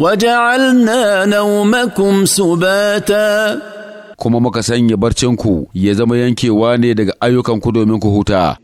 وجعلنا نومكم سباتا kuma muka sanya barcinku ya zama yankewa ne daga ayyukanku domin ku huta